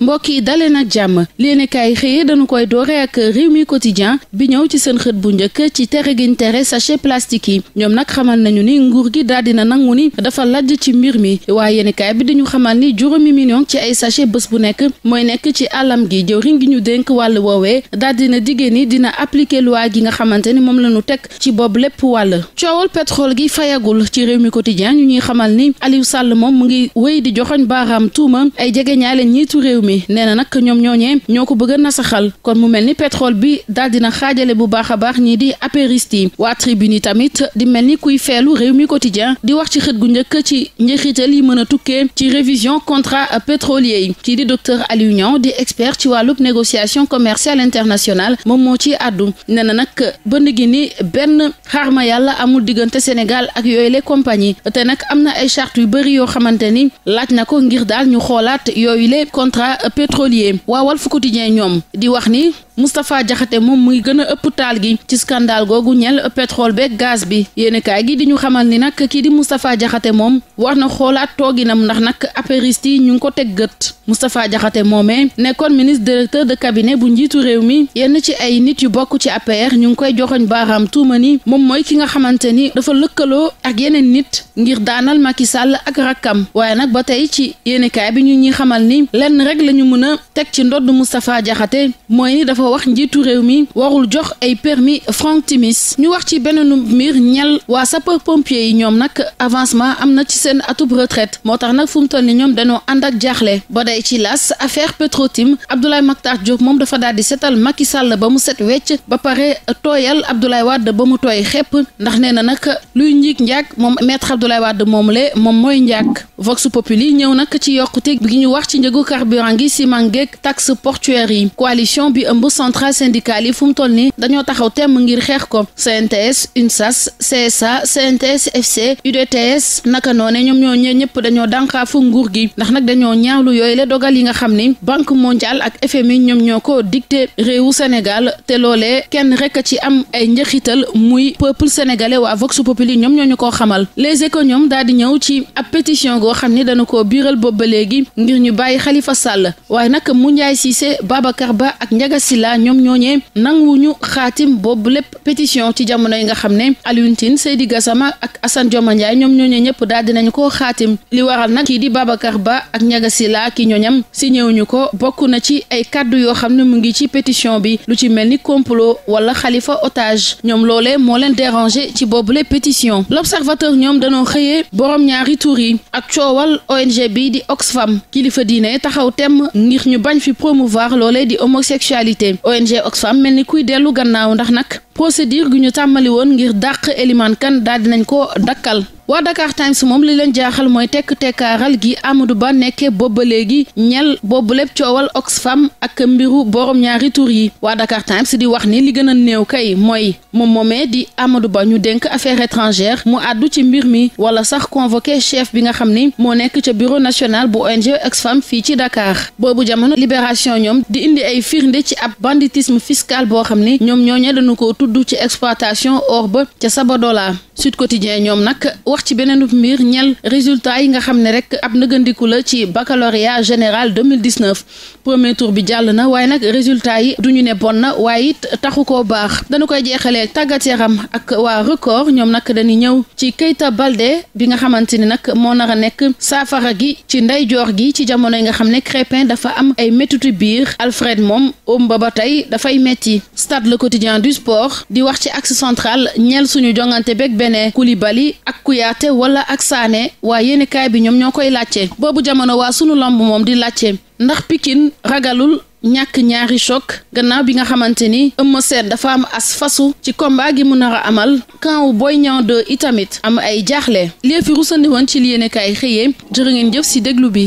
mbokk yi dale nag jàmm léene kaay xëye dañu koy doore ak réew mi quotidien bi ñëw ci seen xët bu njëkk ci tere giñ tere sachet plastique yi ñoom nag xamal nañu ni nguur gi daal dina nangu ni dafa lajj ci mbir mi waaye yéene bi dañu xamal ni juróomi minion ci ay sachet bés bu nekk mooy nekk ci alam gi jëwriñ gi ñu dénk wàll woowee daal dina diggée ni dina appliquer loi gi nga xamante ni moom la ñu teg ci boobu lépp wàll coowal pétrole gi fayagul ci réew mi quotidien ñu ñuy xamal ni Aliou Sall moom mu ngi wéy di joxoñ baaraam tuuma ay jegeñaale njiitu réew mi mi nee na nag ñoom ñoko bëgg na saxal kon mu melni pétrole bi dal dina xajalé bu baaxa baax ñi di apéristi wa tribune tamit di melni kuy félu réew mi quotidien di wax ci xët gu njëkk ci njeexital yi mëna tukké ci révision contrat pétrolier yi ci di docteur Ali Union di expert ci wàllub négociation commerciale internationale mom mo ci addu néna nak bënd gi ni ben xarma yalla amul Sénégal ak yooyu les compagnie te nak amna ay charte yu bëri yo xamanteni laaj na ngir dal ñu xolaat contrat pétrolier waa Walf Quotidien ñoom di wax ni Moustapha Diakhaté moom muy gën a ëpp taal gi ci scandale googu ñel pétrole beeg gaz bi yéenekaay gi di ñu xamal ni nag kii di Moustapha Diakhaté moom war na xoolaat tooginam ndax nag apériste yi ñu ngi ko teg gët Moustapha Diakhaté moomee nekkoon ministre directeur de cabinet bu njiitu réew mi yenn ci ay nit yu bokk ci APR ñu ngi koy joxoñ baaraam tuuma ni moom mooy ki nga xamante ni dafa lëkkaloo ak yeneen nit ngir daanal Macky Sall ak rakkam waaye nag ba tey ci yéenekaay bi ñu ñuy xamal ni lenn rek la ñu a teg ci ndodd Moustapha Diakhaté mooy ni dafa wax njiitu réew mi warul jox ay permi Franck Timis ñu wax ci beneen mbir ñel waa sapeur pompier yi ñoom nag avancement am na ci seen atub retraite moo tax nag fu mu toll ni ñoom dañoo ànd ak jaaxle ba day ci las affaire Petrotim Abdoulaye Mactar Diop moom dafa daal di setal Macky Sall ba mu set wecc ba pare tooyal Abdoulaye Wade ba mu tooy xepp ndax nee na nag luy njiig njaag moom maître Abdoulaye Wade moom le moom mooy njaag Vox ngi ciment geeg taxe portuaire yi coalition bi ëmb centrale syndicale yi fu toll ni dañoo taxaw temm ngir xeex ko CNTS UNSAS CSA CNTS FC UDTS naka noone ñoom ñoo ñee ñëpp dañoo dankaafu nguur gi ndax nag dañoo ñaawlu yooyu la dogal yi nga xam ni banque mondiale ak FMI ñoom ñoo ko dicté réewu senegal te loolee kenn rek ci am ay njëxital muy peuple sénégalais waa Vox Populi ñoom ñoo ñu koo xamal les économes daal ñëw ci ab pétition goo xam ni dana Sall waaye nag Moundiaye Cissé Babacar Ba ak Ndiaga Sylla ñoom ñooñee nanguwuñu xaatim boobu lépp pétition ci jamono yi nga xam ne Alioune Tine Seydi Gassama ak Assane Dioma Ndiaye ñoom ñooñee ñëpp daal dinañu ko xaatim li waral nag kii di Babacar Ba ak Ndiaga Sylla ki ñooñam si ñëwuñu ko bokk na ci ay kàddu yoo xam ne mu ngi ci pétition bi lu ci mel ni complot wala xalifa otage ñoom loolee moo leen déranger ci boobule pétition l'observateur ñoom dañoo xëyee borom ngir ñu bañ fi promouvoir loole di homosexualité ONG Oxfam mel ni kuy dellu gannaaw ndax nag procédure gu ñu tàmmali woon ngir dàq Eliman Kane daal dinañ ko dakkal waa Dakar Times moom li leen jaaxal mooy tekk tekkaaral gi amadu Ba nekkee booba léegi ñel boobu lépp coowal Oxfam ak mbiru borom ñaari tur yi waa Dakar Times di wax ni li gën a néew kay mooy moom moomee di amadu Ba ñu dénk affaire étrangère mu àddu ci mbir mi wala sax convoqué chef bi nga xam ni moo nekk ca bureau national bu ONG Oxfam fii ci Dakar boobu jamono libération ñoom di indi ay firnde ci ab banditisme fiscal boo xam ni ñoom ñooñu dañu ko tudd ci exploitation or ba ca Sabadola Sud Quotidien ñoom nag wax ci beneen mbir ñel résultat yi nga xam ne rek ab nëgëndiku la ci baccalauréat général 2019 premier tour bi jàll na waaye nag résultat yi du ñu ne bon na waaye it taxu koo baax dañu koy jeexalee tàggat yaram ak waa record ñoom nag dañuy ñëw ci Keita balde bi nga xamante ni nag moo nar a nekk saafara gi ci ndeyjoor gi ci jamono yi nga xam ne Crépin dafa am ay méttitu biir Alfred moom om ba ba tey dafay metti stade le quotidien du sport di wax ci axe central ñeel suñu jongante beeg benee Koulibaly ak kuyaate wala ak Sané waa yéenekaay bi ñoom ñoo koy laajte boobu jamono waa sunu lamb moom di laajte ndax pikin ragalul ñàkk ñaari choc gannaaw bi nga xamante ni Eumeu Sène dafa am as fasu ci komba gi mu nar a amal kanw booy Niang 2 itamit am ay jaaxle lée fi rusandi ci li yéene kaay xëyee jërë ngeen jëf si déglu bi